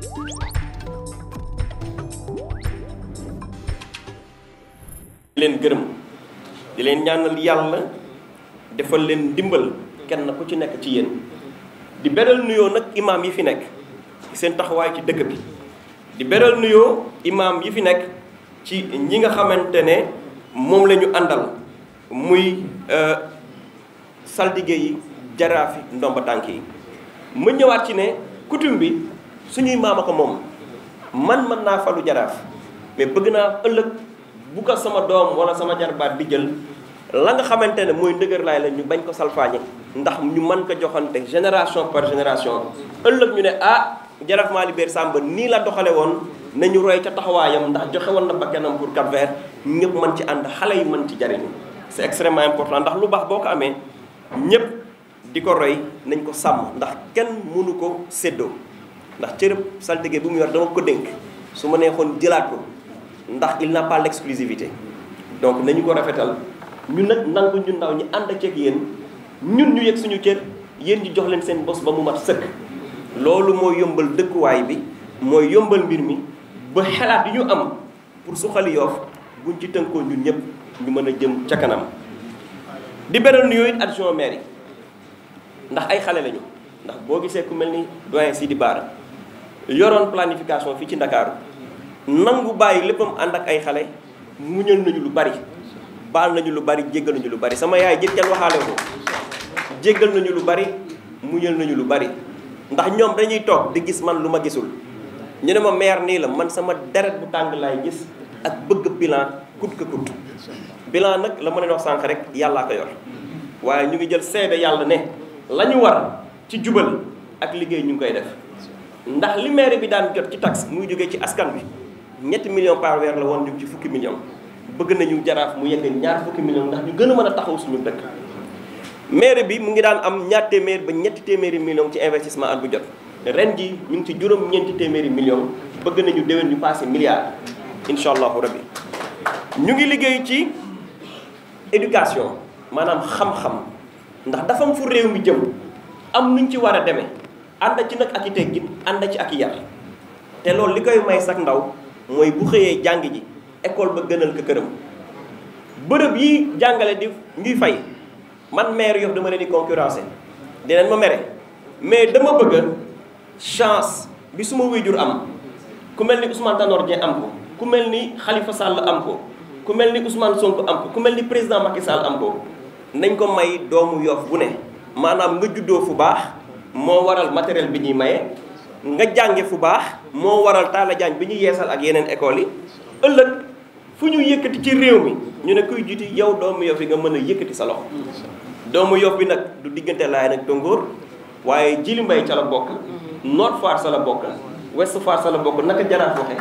di leen gërëm di leen ñaanal yàlla defal leen ndimbal kenn ku ci nekk ci yéen di beral nuyoo nag imaam yi fi nekk seen taxawaay ci dëkk bi di beral nuyoo imaam yi fi nekk ci ñi nga xamante ne moom lañu àndal muy euh, saldige yi jaraaf yi ndomba tànk yi mu ñëwaat ci ne coutume bi suñuy maam ko moom man mën naa falu jaraaf mais bëgg naa ëllëg bu ko sama doom wala sama jarbaat di jël la nga xamante ne mooy ndëgërlaay la ñu bañ ko salfaañe ndax ñu man ko joxante génération par génération ëllëg ñu ne ah jaraaf Malick Samba nii la doxale woon nañu roy ca taxawaayam ndax joxe na ba bakkanam pour Cap-Vert ñëpp mën ci ànd xale yi mën ci jariñu c'est extrêmement important ndax lu baax boo ko amee ñëpp di ko roy nañ ko sàmm ndax kenn mënu ko séddoo ndax cërëb saltige bi mu yor dama ko dénk su ma neexoon jëlaat ko ndax il n'a pas l'exclusivité donc nañu ko rafetal ñun nag nangu ñu ndaw ñi ànd ak yéen ñun ñu yëg suñu cër yéen ñu jox leen seen bos ba mu mat sëkk. loolu mooy yombal dëkkuwaay bi mooy yombal mbir mi ba xalaat yi ñu am pour suxali Yoff buñ ci tënkoo ñun ñëpp ñu mën a jëm ca kanam di beral nuyoo it adjoint maire yi ndax ay xale lañu ndax boo gisee ku mel ni doyen Sidi Bara yoroon planification fii ci ndakaaru nangu bàyyi léppam ànd ak ay xale muñal nañu lu bari baal nañu lu bari jéggal nañu lu bari sama yaay jël kenn waxaale ko jéggal nañu lu bari muñal nañu lu bari ndax ñoom dañuy toog di gis man lu ma gisul ñu ne ma meer nii la man sama deret bu tàng laay gis ak bëgg bilan kut ka kut bilan nag la ma leen sànq rek yàllaa ko yor waaye ñu ngi jël seede yàlla ne la ñu war ci jubal ak liggéey ñu ngi koy def ndax li maire bi daan jot ci taxe muy jógee ci askan bi ñetti million par weer la woon jëm ci fukki million bëgg nañu jaraaf mu yegg ñaar fukki million ndax ñu gën a mën a taxaw suñu dëkk maire bi mu ngi daan am ñaar téeméer ba ñetti téeméeri million ci investissement at bu jot ren ji ñu ngi ci juróom ñeenti téeméeri million bëgg nañu déwén ñu passé milliard incha allahu rabbi ñu ngi liggéey ci éducation maanaam xam-xam ndax dafa am fu réew mi jëm am nuñ ci war a demee ànd ci nag ak i teggin ànd ci ak i yar te loolu li koy may sax ndaw mooy bu xëyee jàng ji école ba gënal ko këram bërëb yi jàngale di ñuy fay man maire yof dama leen di concurrencé dinañ ma mere mais dama bëgg chance bi su ma wéyjur am ku mel ni Ousmane Tanor Dieng am ko ku mel ni xalifa sàll am ko ku mel ni Ousmane sonk am ko ku mel ni président Macky Sall am ko nañ ko may doomu yof bu ne maanaam nga juddoo fu baax moo waral matériel bi ñuy maye nga jànge fu baax moo waral taala jàng bi ñu yeesal ak yeneen école yi ëllëg fu ñu yëkkati ci réew mi ñu ne kuy jiiti yow doomu yof yi nga mën a yëkkati sa loxo doomu yof bi nag du diggante laay nag dongoor waaye jili mbay ca la bokk Nord Foire sa la bokk Ouest Foire sa la bokk naka jaraaf waxe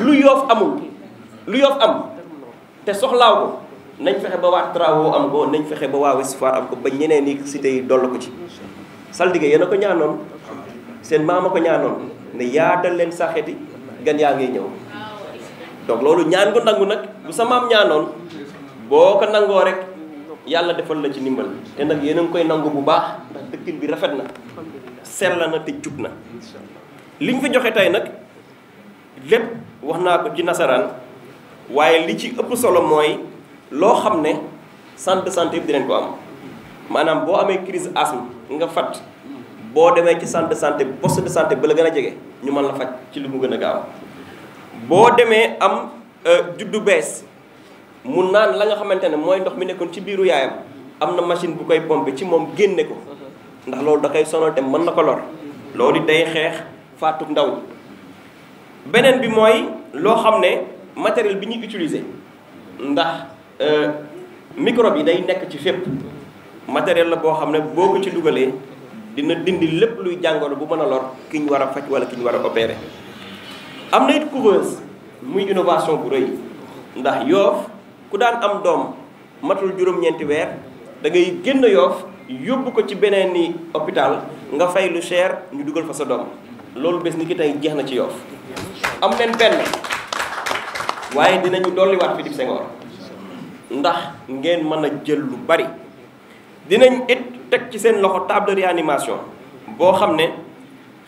lu yoof amul lu yoof am te soxlaaw ko nañ fexe ba waa travaux am ko nañ fexe ba waa Ouest Foire am ko ba ñeneen i cité yi ko ci saltige yéen a ko ñaanoon seen maam a ko ñaanoon ne yaatal leen saxeti gan yaa ngi ñëw donc loolu ñaan ko nangu nag bu sa maam ñaanoon boo ko nangoo rek yàlla defal la ci ndimbal te nag yéen a ngi koy nangu bu baax ndax dëkkin bi rafet na sell na te jub na li ñu fi joxe tey nag lépp wax naa ko ci nasaraan waaye li ci ëpp solo mooy loo xam ne sant de santé yëpp dinañ ko am maanaam boo amee crise asthme nga fat boo demee ci centre de santé poste de santé ba la gën a jege ñu mën la faj ci lu mu gën a gaaw boo demee am euh, juddu bees mu naan la nga xamante ne mooy ndox mi nekkoon ci biiru yaayam am na machine bu koy pompé ci moom génne ko ndax loolu da koy sonal mën na ko lor loolu day xeex faatuk ndaw beneen bi mooy loo xam ne matériel bi ñuy utiliser ndax euh, microbe yi day nekk ci fépp matériel la boo xam ne boo ko ci dugalee dina dindi lépp luy jàngoro bu mën a lor ki ñu war a faj wala ki ñu war a opérer. am na it couveuse muy innovation bu rëy ndax yoof ku daan am doom matul juróom-ñeenti weer dangay ngay génn yoof yóbbu ko ci beneen ni hôpital nga fay lu cher ñu dugal fa sa doom loolu bés ni ki tey jeex na ci yoof am leen benn waaye dinañu dolliwaat Philippe Senghor ndax ngeen mën a jël lu bari dinañ it teg ci seen loxo table réanimation boo xam ne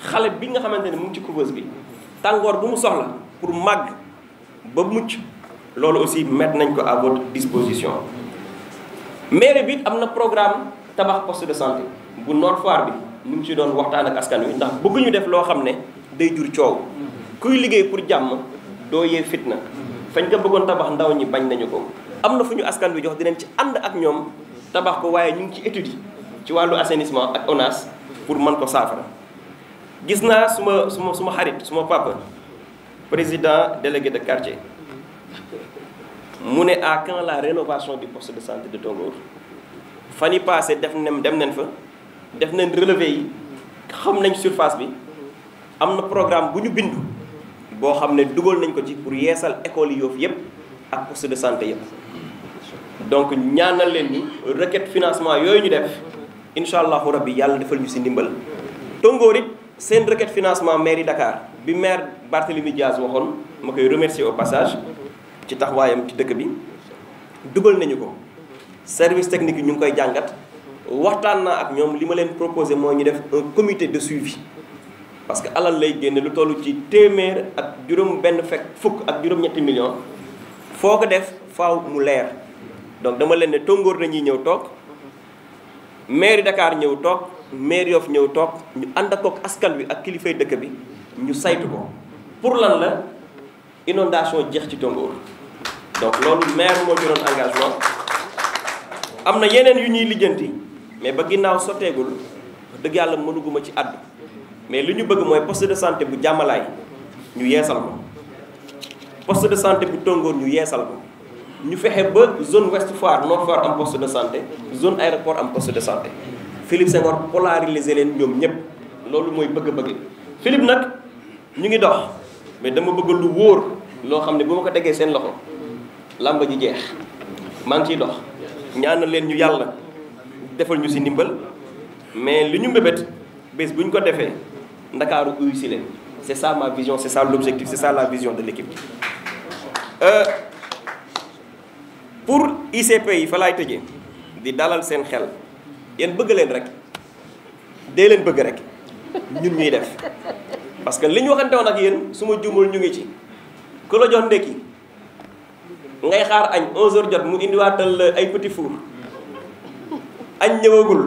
xale bi nga xamante ne mu ngi ci couveuse bi tàngoor bu mu soxla pour màgg ba mucc loolu aussi mettre nañ ko à votre disposition. mairie bi am na programme tabax poste de santé bu Nord Foire bi mu ngi ci doon waxtaan ak askan wi ndax bëgguñu def loo xam ne day jur coow kuy liggéey pour jàmm doo yee fitna fañ ko bëggoon tabax ndaw ñi bañ nañu ko. am na fu ñu askan wi jox dinañ ci ànd ak ñoom. tabax ko waaye ñu ngi ci étude ci wàllu assainissement ak ONAS pour man ko saafara gis naa suma suma suma xarit suma papa président délégué de quartier mu ne à quand la rénovation du poste de santé de Tongoor fan yi passé def nañ dem nañ fa def nañ relevé yi xam nañ surface bi am na programme bu ñu bindu boo xam ne dugal nañ ko ci pour yeesal école yi yoofu yëpp ak poste de santé yëpp donc ñaanal leen ñu requête financement yooyu ñu def incha allahu rabbi yàlla defal ñu si ndimbal tongoor it seen requête financement mairie Dakar bi maire Barthélemy Diaz waxoon ma koy remercier au passage ci tax taxawaayam ci dëkk bi dugal nañu ko service technique yi ñu ngi koy jàngat waxtaan naa ak ñoom li ma leen proposé moo ñu def un comité de suivi parce que alal lay génne lu toll ci téeméer ak juróom benn fekk fukk ak juróom-ñetti millions foo ko def faaw mu leer donc dama leen ne tóngoor nañuy ñëw toog maire Dakar ñëw toog maire Yoff ñëw toog ñu ànd ak kook askan wi ak kilifay dëkk bi ñu saytu ko pour lan la inondation jeex ci tóngoor donc loolu maire moo ci doon engagement am na yeneen yu ñuy lijjanti mais ba ginnaaw sotteegul dëgg yàlla mënuguma ci àddu mais li ñu bëgg mooy poste de santé bu jàmmalaay ñu yeesal ko poste de santé bu tongoor ñu yeesal ko ñu fexe ba zone Ouest Foire Nord Foire am poste de santé zone aéroport am poste de santé Philippe Senghor polariser leen ñoom ñëpp loolu mooy bëgg-bëgg Philippe nag ñu ngi dox mais dama bëgg lu wóor loo xam ne bu ma ko tegee seen loxo làmb ji jeex maa ngi ciy dox ñaanal leen ñu yàlla defal ñu si ndimbal mais li ñu mbébét bés bu ñu ko defee ndakaaru uyu si leen c'est ça ma vision c'est ça l'objectif c'est ça la vision de l'équipe euh, pour ICP yi fa laay tëjee di dalal seen xel yéen bëgg leen rek dee leen bëgg rek ñun ñuy def parce que li ñu waxante woon ak yéen su ma juumul ñu ngi ci ku la jox ndekki ngay xaar añ 11h jot mu indiwaatal ay petit four añ ñëwagul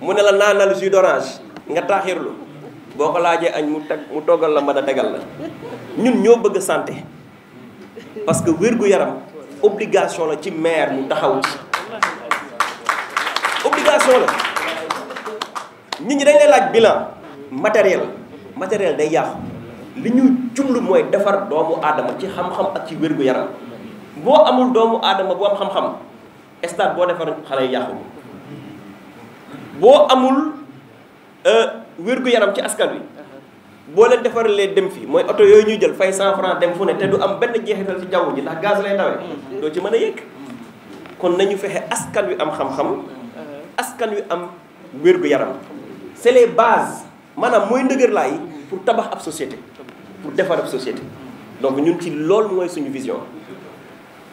mu ne la naanal jus d'orange nga taaxirlu boo ko laajee añ mu teg mu toggal la man a tegal la ñun ñoo bëgg santé parce que wér gu yaram. obligation la ci maire mu taxaw obligation la nit ñi dañ laaj bilan matériel matériel day yàqu li ñu jumlu mooy defar doomu aadama ci xam-xam ak ci wér-gu-yaram boo amul doomu aadama boo am xam-xam stade boo defar xale yi yàqu boo amul euh, wér-gu-yaram ci askan wi boo leen defaralee dem fii mooy oto yooyu ñuy jël fay 100 francs dem fu ne te du am benn jeexital ci jaww ji ndax gaz lay dawee mm-hmm. doo ci mën a yëg kon nañu fexe askan wi am xam-xam mm-hmm. askan wi am wér-gu-yaram c'est les base maanaam mooy ndëgërlaay pour tabax ab société pour defar ab société donc ñun ci lool mooy suñu vision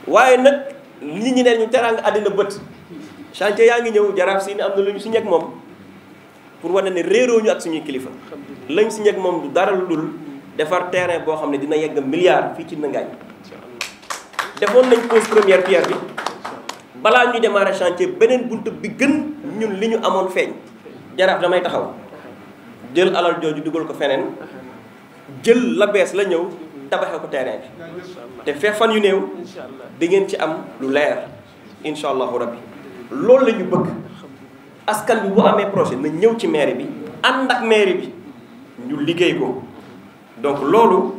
waaye nag nit ñu ne ñu teraanga àddina bët chantier yaa ngi ñëw jaraaf si ni am na lu ñu si ñekk moom pour wane ne réeroo ñu ak suñuy kilifa lañ si njëg moom du dara lu dul defar terrain boo xam ne dina yegg milliard fii ci Ndangaañ defoon nañ pose première pierre bi balaa ñu démarrer chantier beneen bunt bi gën ñun li ñu amoon feeñ jaraaf damay taxaw jël alal jooju dugal ko feneen jël la bees la ñëw tabaxee ko terrain bi te fee fan yu néew di ngeen ci am lu leer incha allahu rabbi loolu lañu bëgg askan bi bu amee projet na ñëw ci mairie bi ànd ak mairie bi ñu liggéey ko donc loolu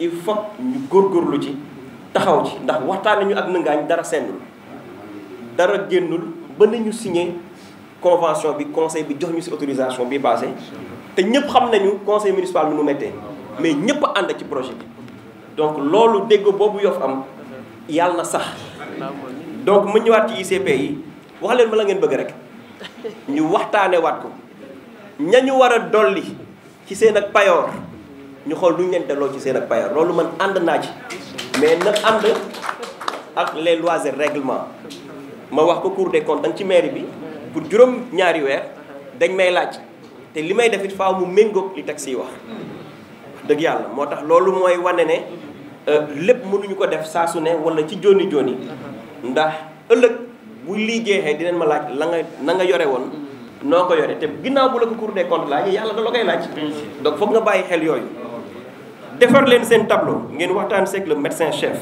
il faut ñu góorlu ci taxaw ci ndax waxtaan nañu ak nëngaañ dara sennul dara génnul ba nañu signé convention bi conseil bi jox ñu si autorisation bi passé te ñëpp xam nañu conseil municipal mu nu mettee mais ñëpp ànd ci projet bi donc loolu dégg boobu yof am yàlla na sax donc ma ñëwaat ci ICP yi wax ma la ngeen bëgg rek ñu waxtaane waat ko ñañu war a dolli ci seen ak payoor ñu xool lu ñu leen delloo ci seen ak payoor loolu man ànd naa ci mais na ànd ak les lois et ma wax ko Cour des comptes ci mairie bi pour juróom ñaari weer dañ may laaj te li may def it faaw mu méngook li tax yi wax dëgg yàlla moo tax loolu mooy wane ne euh, lépp mënuñu ko def saa su ne wala ci joni joni ndax ëllëg bu lii jeexee dinañ ma laaj la nga na nga yore woon noo ko yore te ginnaaw bu la ko Cour des laa laaj yàlla da la koy laaj donc foog nga bàyyi xel yooyu defar leen seen tableau ngeen waxtaan segle le médecin chef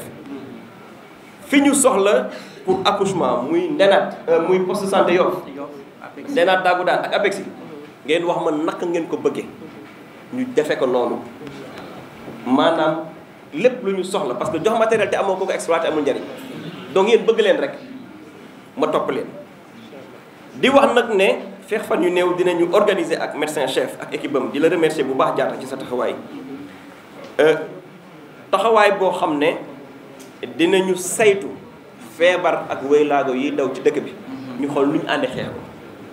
fi ñu soxla pour accouchement muy ndenaat euh, muy poste santé Yoff ndenaat daagu daan ak APEXI ngeen wax ma naka ngeen ko bëgge ñu defe ko noonu maanaam lépp lu ñu soxla parce que jox matériel te amoo ko ko exploité amul njariñ donc yéen bëgg leen rek ma topp leen di wax nag ne feex fan yu néew dinañu organiser ak médecin chef ak équipe am di la remercier bu baax jaata ci sa taxawaay euh, taxawaay boo xam ne dinañu saytu feebar ak wéylaago yi daw ci dëkk bi ñu xool lu ñu àndi xeex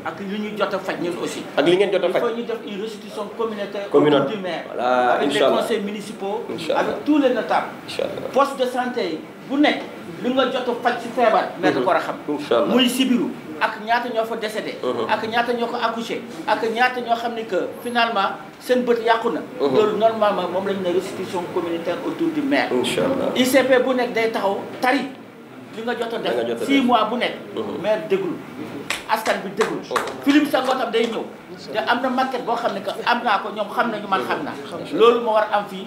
ak li ñu jot a faj ñun aussi. ak li ngeen jot a faj il faut ñu def une restitution communautaire. communautaire voilà incha allah avec les les notables. incha de santé yi. bu nekk li nga jot a faj ci feebar. mettre mhm. ko war a xam. muy sibiru ak ñaata ñoo fa décédé. Mhm. ak ñaata ñoo ko accouché. ak ñaata ñoo xam ne que finalement seen bët yàqu na. Mhm. loolu normalement moom la ñu ne restitution communautaire autour du maire. ICP bu nekk day taxaw tari li nga jot a def 6 mois bu nekk. maire déglu askan bi déglu. film sa ngoo tam day ñëw. te am na maquette boo xam ne que am naa ko ñoom xam na ñu man xam naa. loolu moo war a am fii.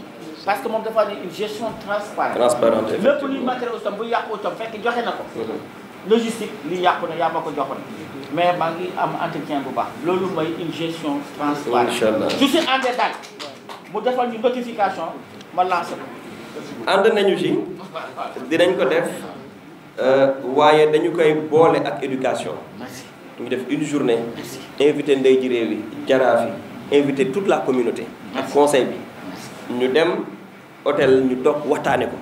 parce que moom dafa am une gestion transparente. transparente lépp luy matériel itam bu yàqu itam fekk joxe na ko. Mhm. logistique li yàqu na yaa ma ko joxoon. mais maa ngi am entretien bu baax loolu mooy une gestion transparente. incha allah su si àndee daal mu defal ñu notification ma lancé ko. ànd nañu ci dinañ ko def euh, waaye dañu koy boole ak éducation. merci ñu def une journée. merci invité ndey ji réew yi jaraaf invité toute la communauté. ak conseil bi ñu dem. hôtel ñu toog waxtaane ko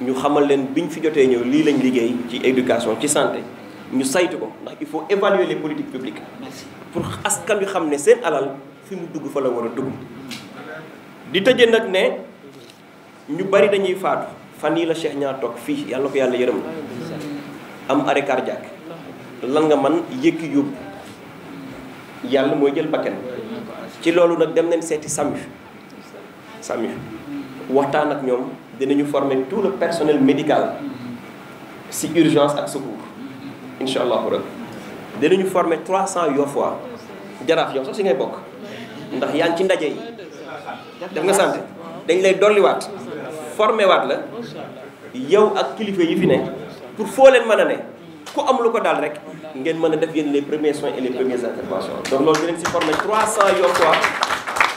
ñu xamal leen biñ fi jotee ñëw lii lañ liggéey ci éducation ci santé ñu saytu ko ndax il faut évaluer les politiques publiques pour askan wi xam ne seen alal fi mu dugg fa la war a dugg di tëje nag ne ñu bari dañuy faatu fan yi la Cheikh ñaar toog fii yàlla na ko yàlla yërëm am arrêt cardiaque lan nga man yëkki yóbbu yàlla mooy jël bakkan ci loolu nag dem nañ seeti SAMU SAMU waxtaan ak ñoom dinañu forme tout le personnel médical si urgence ak secours incha allahu rabbi dinañu former 300 yoo fois jaraaf yow sax si ngay bokk ndax yaa ngi ci ndaje yi def nga sant dañ lay dolliwaat forme waat la yow ak kilifa yi fi ne pour foo leen mën a ne ku am lu ko daal rek ngeen mën a def yéen les premiers soins et les premières interventions donc loolu dinañ si former 300 yoo fois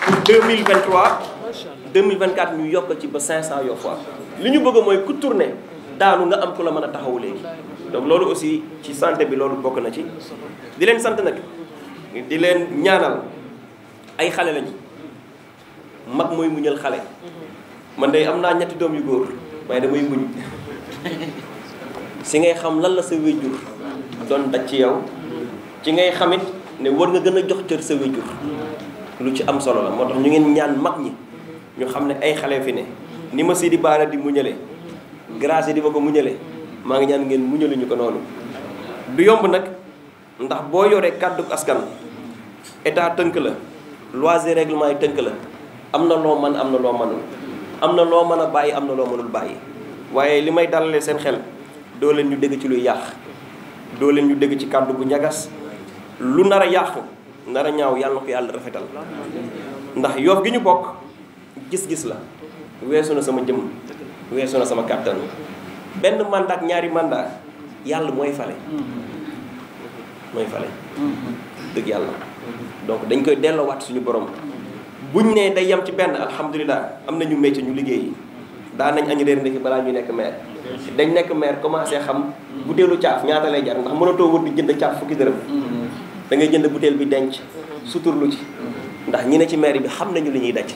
pour 2023 2024 ñu yokk ci ba 500 yoo fois li ñu bëgg mooy ku tourné daanu nga am ku la mën a taxawu léegi doom loolu aussi ci santé bi loolu bokk na ci di leen sant nag di leen ñaanal ay xale lañu mag mooy muñal xale man de am naa ñetti doom yu góor waaye damay muñ si ngay xam lan la sa wéjur doon daj ci yow ci ngay xamit ne war nga gën a jox cër sa wéjur lu ci am solo la moo tax ñu ngeen ñaan mag ñi ñu xam ne ay xale fi ne ni ma Sidi Bara di muñale grâce di ma ko muñale maa ngi ñaan ngeen muñale ñu ko noonu du yomb nag ndax boo yoree kàddu askan état tënk la loise et règlement yi tënk la am na loo man am na loo mënul am na loo mën a bàyyi am na loo mënul bàyyi waaye li may dalalee seen xel doo leen ñu dégg ci luy yàq doo leen ñu dégg ci kàddu bu ñagas lu nar a yàq nar a ñaaw yàlla ko yàlla rafetal ndax yoof gi ñu bokk gis-gis la weesu na sama jëm weesu na sama kàttan benn mandat ñaari mandat yàlla mooy fale mooy fale dëgg yàlla donc dañ koy delloowaat suñu borom buñ ne day yem ci benn alhamdulilah am na ñu métier ñu liggéey daan nañ añ réer ndekki balaa ñu nekk maire dañ nekk maire commencé xam butéelu caaf ñaata lay jar ndax mënatoo wër di jënd caaf fukki dërëm da ngay jënd butéel bi denc suturlu ci ndax ñi ne ci maire bi xam nañu li ñuy daj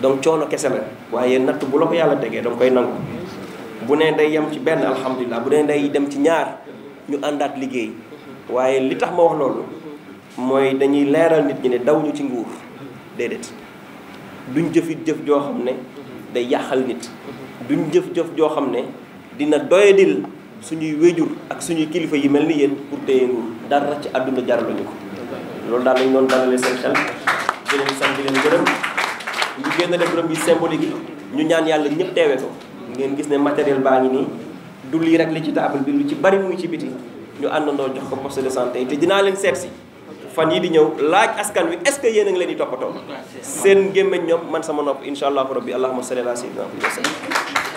donc coono kese la waaye natt bu la ko yàlla tegee danga koy nangu bu ne day yem ci benn alhamdulilah bu ne day dem ci ñaar ñu àndaat liggéey waaye li tax ma wax loolu mooy dañuy leeral nit ñi ne daw ñu ci nguur déedéet duñ jëfit jëf joo xam ne day yàqal nit duñ jëf-jëf joo xam ne dina doyadil suñuy wéjur ak suñuy kilifa yi mel ni yéen pour téye nguur dara ci àdduna jaraluñu ko loolu daal lañ doon dalalee seen xel ñu génn def remise symbolique ñu ñaan yàlla ñëpp teewe ko ngeen gis ne matériel baa ngi nii du lii rek li ci table bi lu ci bari muy ci biti ñu àndandoo jox ko poste de santé te dinaa leen seet si fan yi di ñëw laaj askan wi est-ce que yéen a leen di toppatoo seen gémmeñ ñoom man sama nopp incha allahu rabbi allahuma salli ala sayyidina